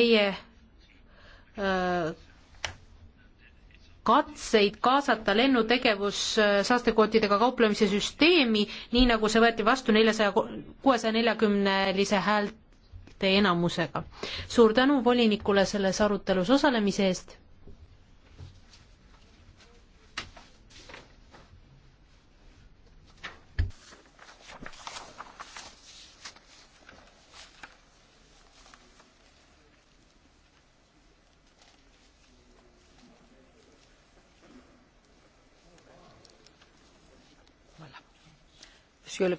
meie öö, äh, katseid kaasata lennutegevus äh, saastekvootidega kauplemise süsteemi, nii nagu see võeti vastu neljasaja, kuuesaja neljakümnelise häälte enamusega. suur tänu volinikule selles arutelus osalemise eest tere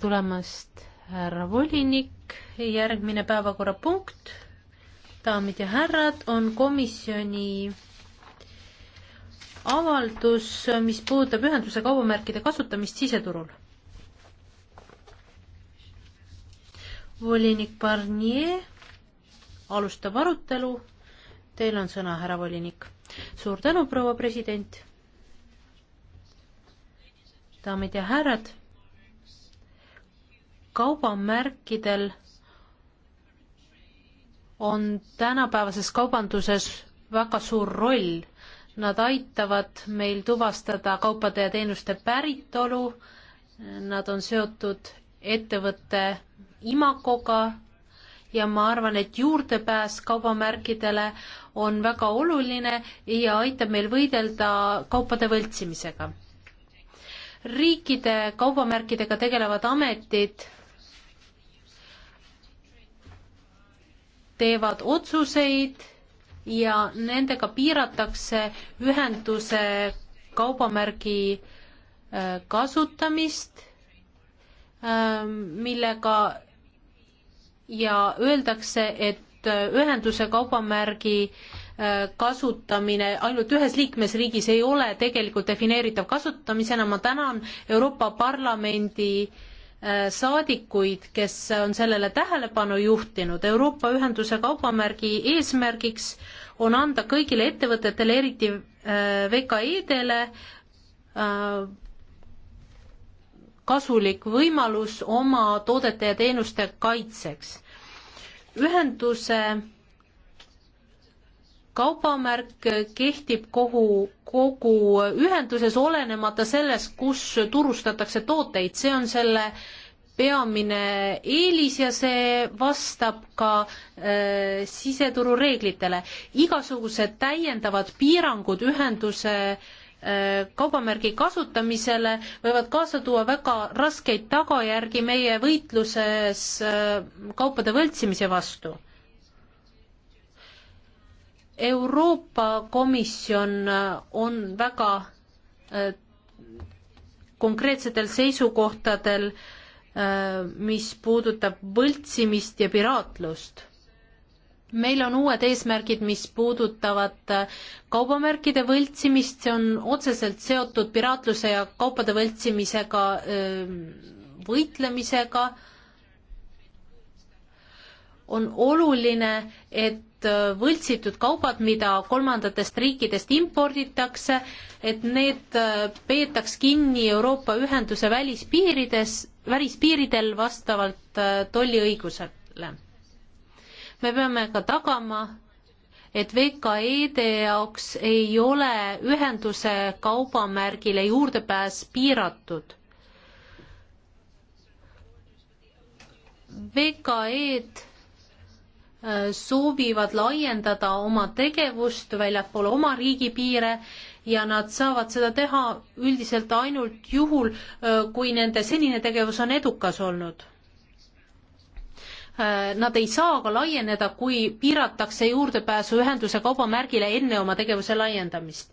tulemast, härra volinik, järgmine päevakorrapunkt, daamid ja härrad, on komisjoni avaldus, mis puudutab ühenduse kaubamärkide kasutamist siseturul. volinik Barnier alustab arutelu. Teil on sõna, härra volinik. suur tänu, proua president daamid ja härrad, kaubamärkidel on tänapäevases kaubanduses väga suur roll. Nad aitavad meil tuvastada kaupade ja teenuste päritolu, nad on seotud ettevõtte imagoga ja ma arvan, et juurdepääs kaubamärkidele on väga oluline ja aitab meil võidelda kaupade võltsimisega riikide kaubamärkidega tegelevad ametid teevad otsuseid ja nendega piiratakse ühenduse kaubamärgi äh, kasutamist, ähm, millega ja öeldakse, et äh, ühenduse kaubamärgi äh, Äh, kasutamine ainult ühes liikmesriigis ei ole tegelikult defineeritav kasutamisena, ma tänan Euroopa Parlamendi äh, saadikuid, kes on sellele tähelepanu juhtinud. Euroopa Ühenduse kaubamärgi eesmärgiks on anda kõigile ettevõtetele, eriti äh, VKE-dele, kasulik võimalus oma toodete ja teenuste kaitseks. ühenduse kaubamärk kehtib kogu, kogu ühenduses, olenemata sellest, kus turustatakse tooteid, see on selle peamine eelis ja see vastab ka äh, siseturu reeglitele. igasugused täiendavad piirangud ühenduse äh, kaubamärgi kasutamisele võivad kaasa tuua väga raskeid tagajärgi meie võitluses äh, kaupade võltsimise vastu Euroopa Komisjon äh, on väga äh, konkreetsetel seisukohtadel, äh, mis puudutab võltsimist ja piraatlust. meil on uued eesmärgid, mis puudutavad kaubamärkide võltsimist, see on otseselt seotud piraatluse ja kaupade võltsimisega, võitlemisega on oluline, et äh, võltsitud kaubad, mida kolmandatest riikidest imporditakse, et need äh, peetaks kinni Euroopa Ühenduse välispiirides, välispiiridel vastavalt äh, tolliõigusele. me peame ka tagama, et VKE-de jaoks ei ole ühenduse kaubamärgile juurdepääs piiratud VKE-d soovivad laiendada oma tegevust väljapoole oma riigi piire ja nad saavad seda teha üldiselt ainult juhul, äh, kui nende senine tegevus on edukas olnud. Äh, nad ei saa ka laieneda, kui piiratakse juurdepääsu ühenduse kaubamärgile enne oma tegevuse laiendamist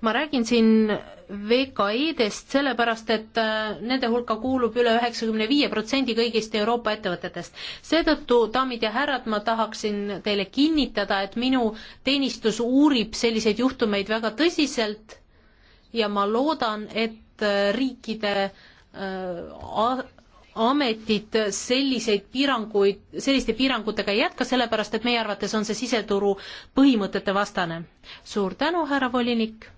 ma räägin siin VKI-dest sellepärast, et äh, nende hulka kuulub üle üheksakümne viie protsendi kõigist Euroopa ettevõtetest. seetõttu, daamid ja härrad, ma tahaksin teile kinnitada, et minu teenistus uurib selliseid juhtumeid väga tõsiselt ja ma loodan, et äh, riikide äh, ametid selliseid piiranguid, selliste piirangutega ei jätka, sellepärast et meie arvates on see siseturu põhimõtete vastane. suur tänu, härra volinik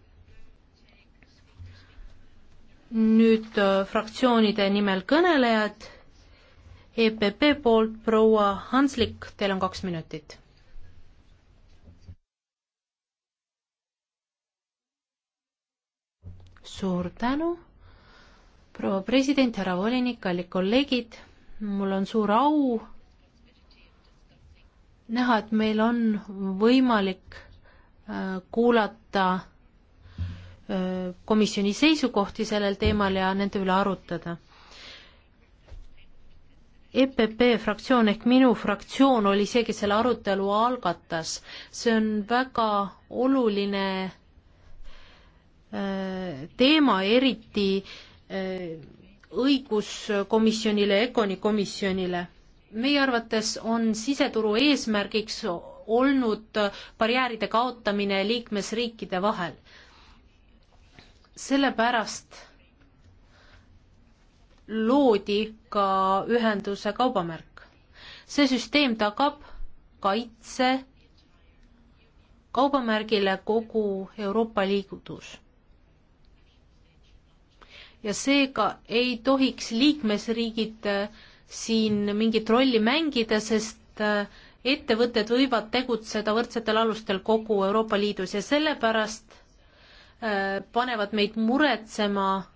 nüüd äh, fraktsioonide nimel kõnelejad. EPP poolt proua Hanslik, teil on kaks minutit. suur tänu, proua president, härra volinik, kallid kolleegid, mul on suur au näha, et meil on võimalik äh, kuulata komisjoni seisukohti sellel teemal ja nende üle arutada. EPP fraktsioon ehk minu fraktsioon oli see, kes selle arutelu algatas. see on väga oluline äh, teema, eriti äh, õiguskomisjonile, Econi komisjonile. meie arvates on siseturu eesmärgiks olnud barjääride kaotamine liikmesriikide vahel sellepärast loodi ka ühenduse kaubamärk. see süsteem tagab kaitse kaubamärgile kogu Euroopa Liidus. ja seega ei tohiks liikmesriigid siin mingit rolli mängida, sest äh, ettevõtted võivad tegutseda võrdsetel alustel kogu Euroopa Liidus ja sellepärast Äh, panevad meid muretsema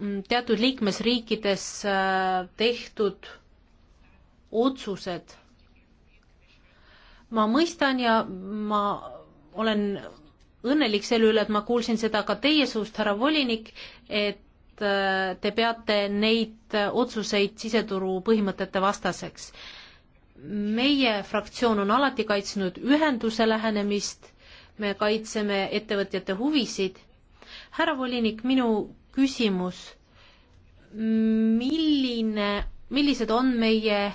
mm, teatud liikmesriikides äh, tehtud otsused. ma mõistan ja ma olen õnnelik selle üle, et ma kuulsin seda ka teie suust, härra volinik, et äh, te peate neid otsuseid siseturu põhimõtete vastaseks. meie fraktsioon on alati kaitsnud ühenduse lähenemist me kaitseme ettevõtjate huvisid. härra volinik, minu küsimus, milline, millised on meie äh,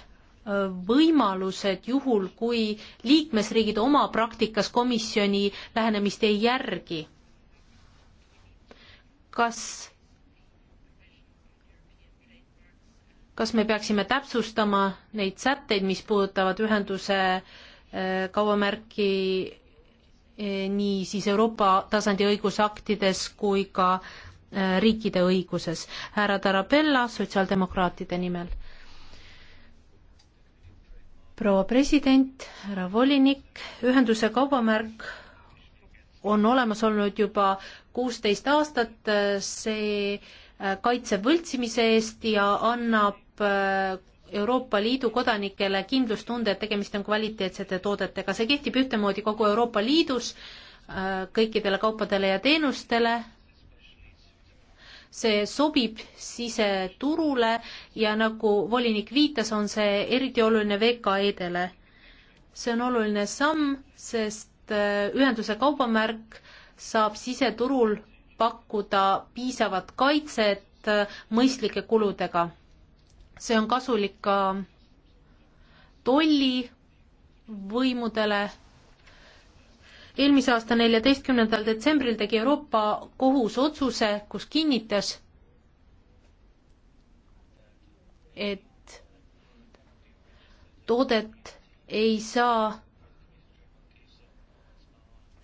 võimalused juhul, kui liikmesriigid oma praktikas komisjoni lähenemist ei järgi? kas, kas me peaksime täpsustama neid sätteid, mis puudutavad ühenduse äh, kaubamärki Eh, nii siis Euroopa tasandi õigusaktides kui ka eh, riikide õiguses. härra Tarabella sotsiaaldemokraatide nimel. proua president, härra volinik, ühenduse kaubamärk on olemas olnud juba kuusteist aastat, eh, see kaitseb võltsimise eest ja annab Euroopa Liidu kodanikele kindlustunde, et tegemist on kvaliteetsete toodetega. see kehtib ühtemoodi kogu Euroopa Liidus äh, kõikidele kaupadele ja teenustele, see sobib siseturule ja nagu volinik viitas, on see eriti oluline VKE-dele. see on oluline samm, sest äh, ühenduse kaubamärk saab siseturul pakkuda piisavat kaitset äh, mõistlike kuludega see on kasulik ka tollivõimudele. eelmise aasta neljateistkümnendal detsembril tegi Euroopa Kohus otsuse, kus kinnitas, et toodet ei saa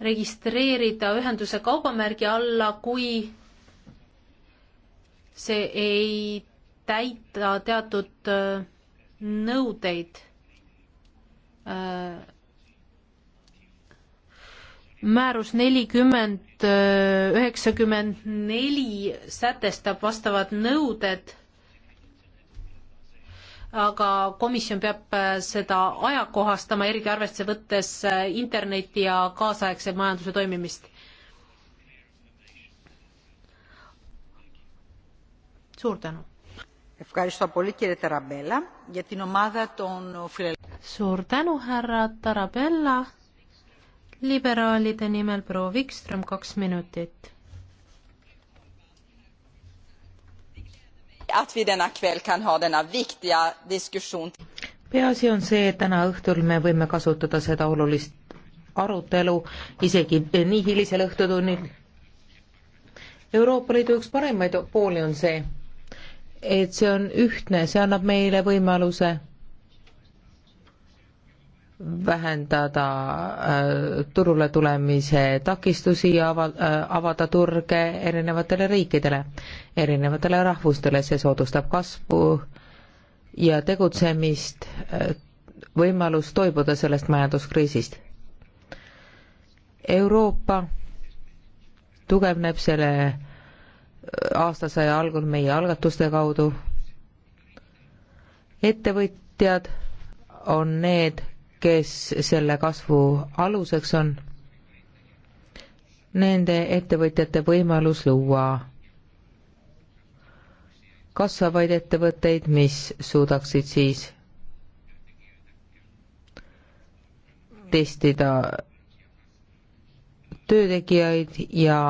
registreerida ühenduse kaubamärgi alla, kui see ei täita teatud äh, nõudeid äh, määrus nelikümmend äh, üheksakümmend neli sätestab vastavad nõuded, aga komisjon peab seda ajakohastama, eriti arvesse võttes interneti ja kaasaegse majanduse toimimist. suur tänu suur tänu, härra Tarabella. liberaalide nimel proua Wikström, kaks minutit. peaasi on see, et täna õhtul me võime kasutada seda olulist arutelu isegi eh, nii hilisel õhtutunnil. Euroopa Liidu üks paremaid pooli on see et see on ühtne, see annab meile võimaluse vähendada äh, turule tulemise takistusi ja ava- äh,, avada turge erinevatele riikidele, erinevatele rahvustele, see soodustab kasvu ja tegutsemist äh,, võimalust toibuda sellest majanduskriisist. Euroopa tugevneb selle aastasaja algul meie algatuste kaudu. ettevõtjad on need, kes selle kasvu aluseks on. Nende ettevõtjate võimalus luua kasvavaid ettevõtteid, mis suudaksid siis testida töötegijaid ja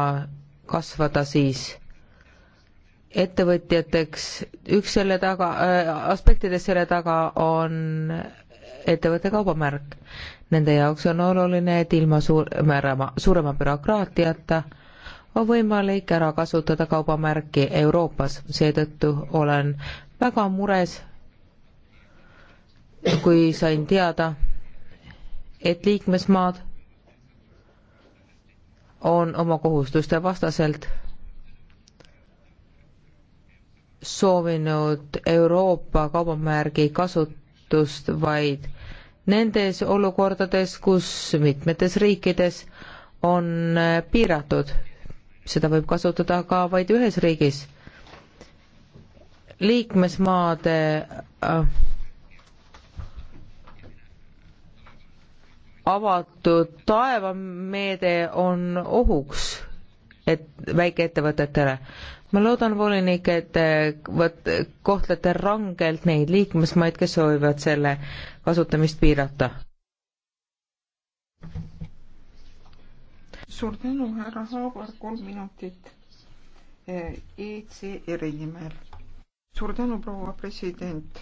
kasvada siis ettevõtjateks, üks selle taga äh,, aspektidest selle taga on ettevõtte kaubamärk. Nende jaoks on oluline, et ilma suurema, suurema bürokraatiata on võimalik ära kasutada kaubamärki Euroopas, seetõttu olen väga mures, kui sain teada, et liikmesmaad on oma kohustuste vastaselt soovinud Euroopa kaubamärgi kasutust vaid nendes olukordades, kus mitmetes riikides on piiratud. seda võib kasutada ka vaid ühes riigis. liikmesmaade äh, avatud taevameede on ohuks, et väikeettevõtetele ma loodan, volinik, et vot kohtlete rangelt neid liikmesmaid, kes soovivad selle kasutamist piirata. suur tänu, härra Haabar, kolm minutit ECR-i eh, e nimel. suur tänu, proua president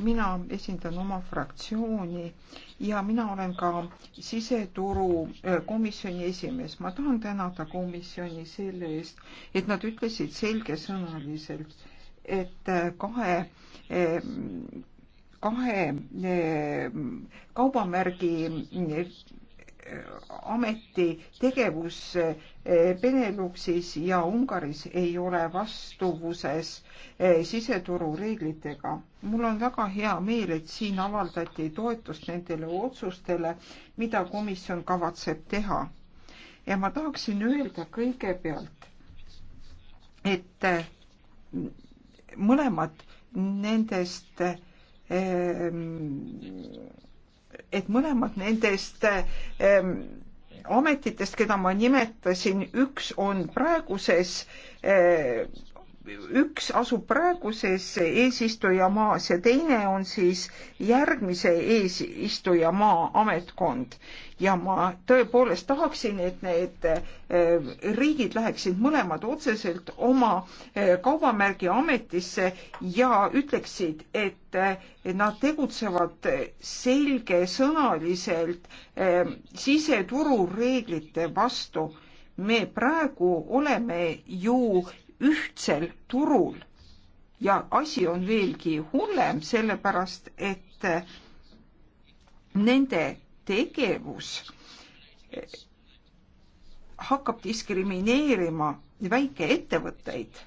mina esindan oma fraktsiooni ja mina olen ka siseturu äh, komisjoni esimees. ma tahan tänada komisjoni selle eest, et nad ütlesid selgesõnaliselt, et äh, kahe äh, kahe kaubamärgi ameti tegevus eh, Beneluxis ja Ungaris ei ole vastuvuses eh, siseturu reeglitega. mul on väga hea meel, et siin avaldati toetust nendele otsustele, mida komisjon kavatseb teha. ja ma tahaksin öelda kõigepealt, et eh, mõlemad nendest ähm, et mõlemad nendest ähm, ametitest, keda ma nimetasin, üks on praeguses äh, üks asub praeguses eesistujamaas ja teine on siis järgmise eesistujamaa ametkond ja ma tõepoolest tahaksin, et need eh, riigid läheksid mõlemad otseselt oma eh, kaubamärgi ametisse ja ütleksid, et eh, nad tegutsevad selgesõnaliselt siseturu reeglite vastu. me praegu oleme ju ühtsel turul ja asi on veelgi hullem, sellepärast et nende tegevus hakkab diskrimineerima väikeettevõtteid,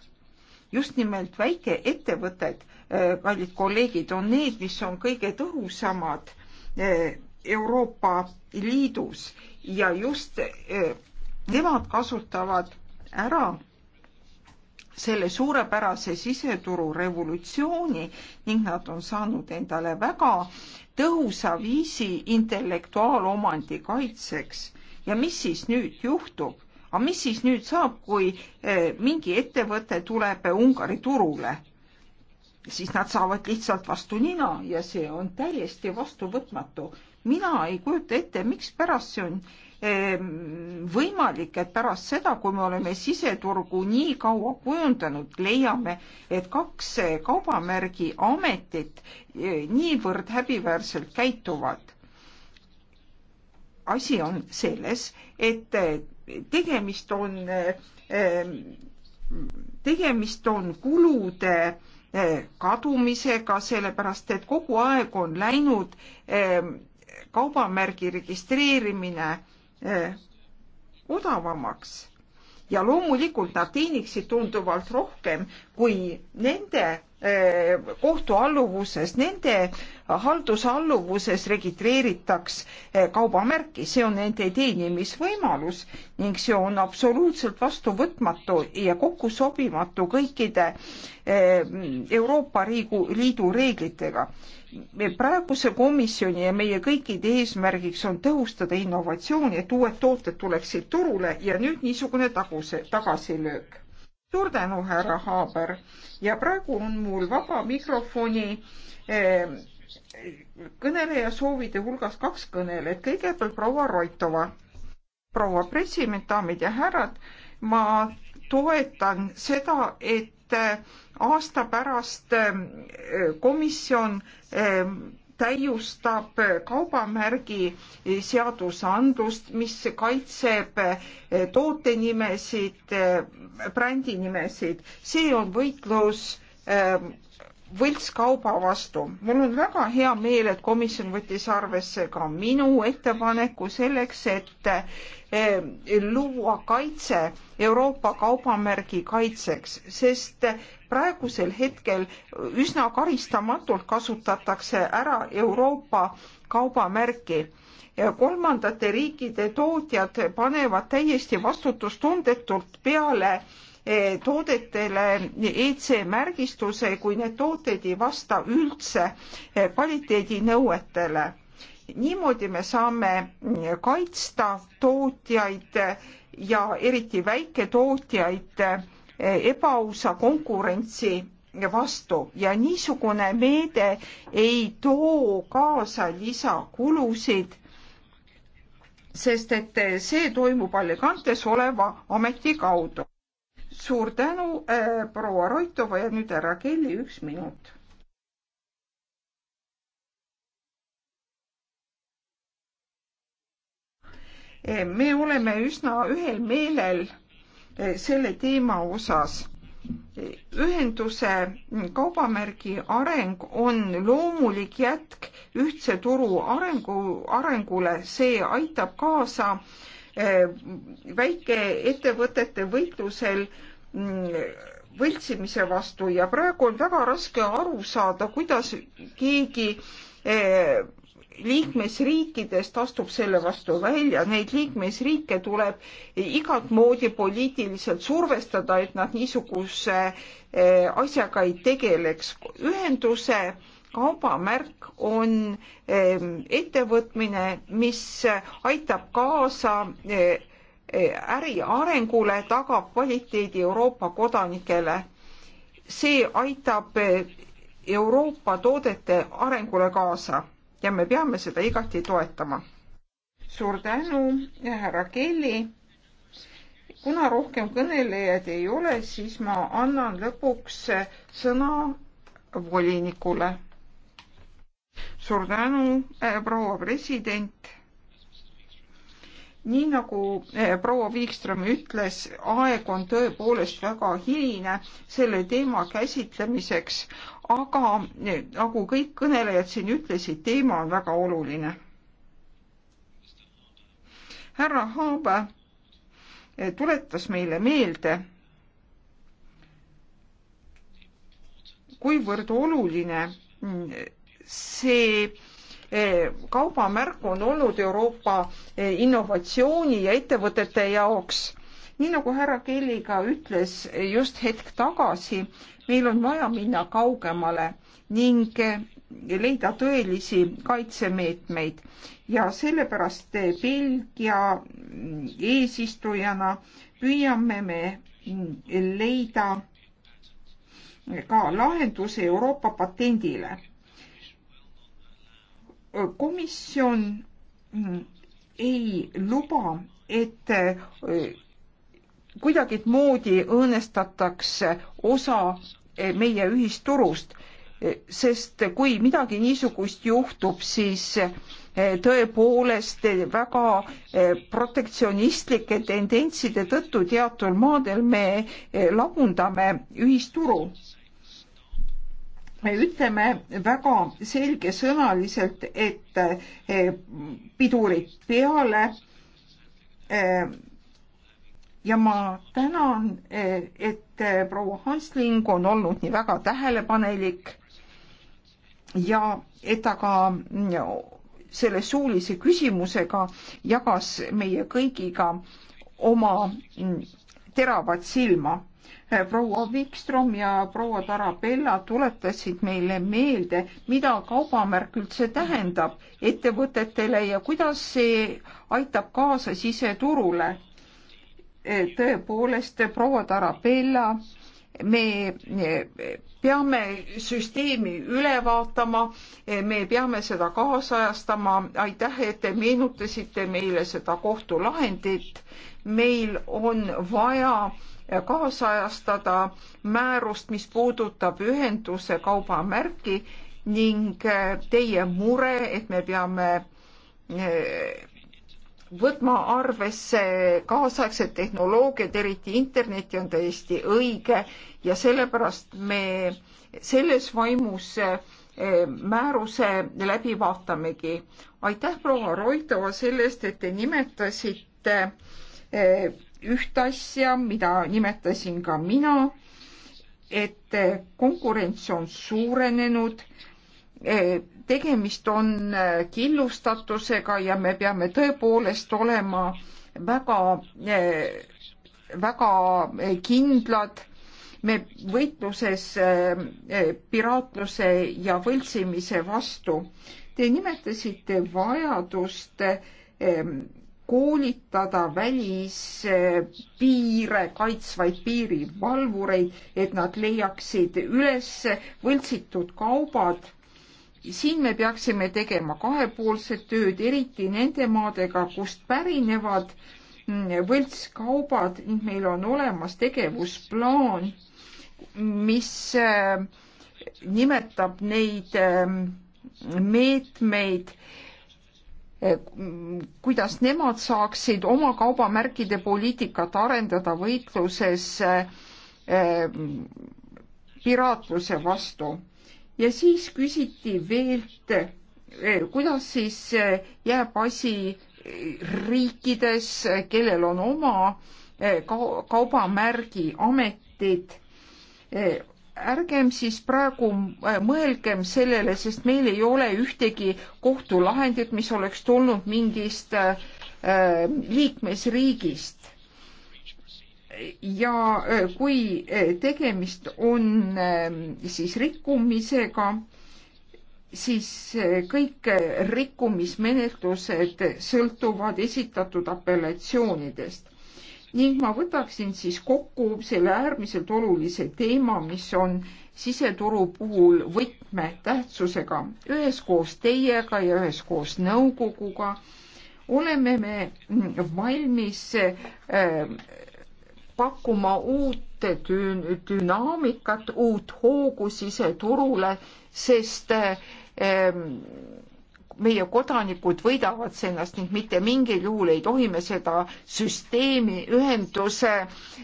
just nimelt väikeettevõtted, äh, kallid kolleegid, on need, mis on kõige tõhusamad äh, Euroopa Liidus ja just äh, nemad kasutavad ära selle suurepärase siseturu revolutsiooni ning nad on saanud endale väga tõhusa viisi intellektuaalomandi kaitseks. ja mis siis nüüd juhtub? aga mis siis nüüd saab, kui eh, mingi ettevõte tuleb eh, Ungari turule? siis nad saavad lihtsalt vastu nina ja see on täiesti vastuvõtmatu. mina ei kujuta ette, mikspärast see on Ehm, võimalik, et pärast seda, kui me oleme siseturgu nii kaua kujundanud, leiame, et kaks eh, kaubamärgi ametit eh, niivõrd häbiväärselt käituvad. asi on selles, et eh, tegemist on, ehm, tegemist on kulude kadumisega, sellepärast et kogu aeg on läinud ehm, kaubamärgi registreerimine Eh, odavamaks ja loomulikult nad teeniksid tunduvalt rohkem kui nende Eh, kohtualluvuses, nende haldusalluvuses registreeritaks eh, kaubamärki, see on nende teenimisvõimalus ning see on absoluutselt vastuvõtmatu ja kokku sobimatu kõikide eh, Euroopa Riigu, Liidu reeglitega. praeguse komisjoni ja meie kõikide eesmärgiks on tõhustada innovatsiooni, et uued tooted tuleksid turule ja nüüd niisugune taguse, tagasilöök suur tänu, härra Haaber ja praegu on mul vaba mikrofoni eh, kõneleja soovide hulgas kaks kõnelejat, kõigepealt proua Roitova. proua president, daamid ja härrad, ma toetan seda, et eh, aasta pärast eh, komisjon eh, täiustab kaubamärgi seadusandlust, mis kaitseb tootenimesid, brändinimesid. see on võitlus ähm, võltskauba vastu. mul on väga hea meel, et komisjon võttis arvesse ka minu ettepaneku selleks, et eh, luua kaitse Euroopa kaubamärgi kaitseks, sest praegusel hetkel üsna karistamatult kasutatakse ära Euroopa kaubamärki ja kolmandate riikide tootjad panevad täiesti vastutustundetult peale äh, Eh, toodetele EC märgistuse, kui need tooted ei vasta üldse eh, kvaliteedinõuetele. niimoodi me saame eh, kaitsta tootjaid ja eriti väiketootjaid ebaausa konkurentsi vastu ja niisugune meede ei too kaasa lisakulusid, sest et see toimub Alicantes oleva ameti kaudu suur tänu äh,, proua Roitova ja nüüd härra Kelly, üks minut. Äh, me oleme üsna ühel meelel äh, selle teema osas äh, ühenduse kaubamärgi areng on loomulik jätk ühtse turu arengu, arengule, see aitab kaasa äh, Äh, väikeettevõtete võitlusel mm, võltsimise vastu ja praegu on väga raske aru saada, kuidas keegi äh, liikmesriikidest astub selle vastu välja, neid liikmesriike tuleb igat moodi poliitiliselt survestada, et nad niisuguse äh, asjaga ei tegeleks. ühenduse kaubamärk on ehm, ettevõtmine, mis aitab kaasa e, e, äri arengule, tagab kvaliteedi Euroopa kodanikele. see aitab e, Euroopa toodete arengule kaasa ja me peame seda igati toetama. suur tänu, härra Kelly. kuna rohkem kõnelejaid ei ole, siis ma annan lõpuks sõna volinikule suur tänu äh,, proua president. nii nagu äh, proua Viikström ütles, aeg on tõepoolest väga hiline selle teema käsitlemiseks, aga eh, nagu kõik kõnelejad siin ütlesid, teema on väga oluline. härra Haabe tuletas meile meelde, kuivõrd oluline mm, see eh, kaubamärk on olnud Euroopa eh, innovatsiooni ja ettevõtete jaoks nii nagu härra Kelly ka ütles just hetk tagasi, meil on vaja minna kaugemale ning eh, leida tõelisi kaitsemeetmeid ja sellepärast Belgia mm, eesistujana püüame me mm, leida ka lahenduse Euroopa patendile komisjon ei luba, et eh, kuidagimoodi õõnestatakse osa eh, meie ühisturust, eh, sest kui midagi niisugust juhtub, siis tõepoolest väga protektsionistlike tendentside tõttu teatud maadel me lagundame ühisturu me ütleme väga selgesõnaliselt, et eh, pidurid peale. Eh, ja ma tänan, eh, et proua Hansling on olnud nii väga tähelepanelik ja et ta ka mm, selle suulise küsimusega jagas meie kõigiga oma mm, teravat silma. Äh, proua Wikström ja proua Tarabella tuletasid meile meelde, mida kaubamärk üldse tähendab ettevõtetele ja kuidas see aitab kaasa siseturule. Äh, tõepoolest, proua Tarabella me peame süsteemi üle vaatama, me peame seda kaasajastama, aitäh, et te meenutasite meile seda kohtulahendit. meil on vaja kaasajastada määrust, mis puudutab ühenduse kaubamärki ning teie mure, et me peame võtma arvesse kaasaegset tehnoloogiat, eriti interneti on täiesti õige ja sellepärast me selles vaimus eh, määruse läbi vaatamegi. aitäh, proua Roidova, selle eest, et te nimetasite eh, ühte asja, mida nimetasin ka mina, et eh, konkurents on suurenenud tegemist on äh, killustatusega ja me peame tõepoolest olema väga, äh, väga äh, kindlad me võitluses piraatluse ja võltsimise vastu. Te nimetasite vajadust koolitada välispiire kaitsvaid piirivalvureid, et nad leiaksid üles võltsitud kaubad siin me peaksime tegema kahepoolset tööd, eriti nende maadega, kust pärinevad mm, võltskaubad ning meil on olemas tegevusplaan, mis äh, nimetab neid äh, meetmeid, äh, kuidas nemad saaksid oma kaubamärkide poliitikat arendada võitluses piraatluse vastu ja siis küsiti veelt, eh, kuidas siis eh, jääb asi eh, riikides, kellel on oma kaubamärgi ametid. ärgem siis praegu mõelgem sellele, sest meil ei ole ühtegi kohtulahendit, mis oleks tulnud mingist liikmesriigist ja äh, kui äh, tegemist on ähm, siis rikkumisega, siis äh, kõik rikkumismenetlused sõltuvad esitatud apellatsioonidest. ning ma võtaksin siis kokku selle äärmiselt olulise teema, mis on siseturu puhul võtmetähtsusega. üheskoos teiega ja üheskoos nõukoguga oleme me mm, valmis äh, pakkuma uut düün-, dünaamikat, uut hoogu siseturule, sest ehm, meie kodanikud võidavad ennast ning mitte mingil juhul ei tohi me seda süsteemi, ühenduse,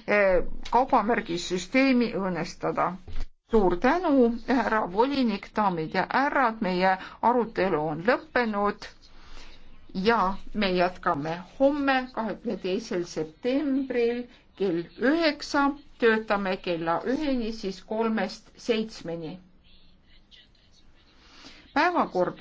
ehm, kaubamärgissüsteemi õõnestada. suur tänu, härra volinik, daamid ja härrad, meie arutelu on lõppenud ja me jätkame homme, kahekümne teisel septembril kell üheksa, töötame kella üheni, siis kolmest seitsmeni. päevakord on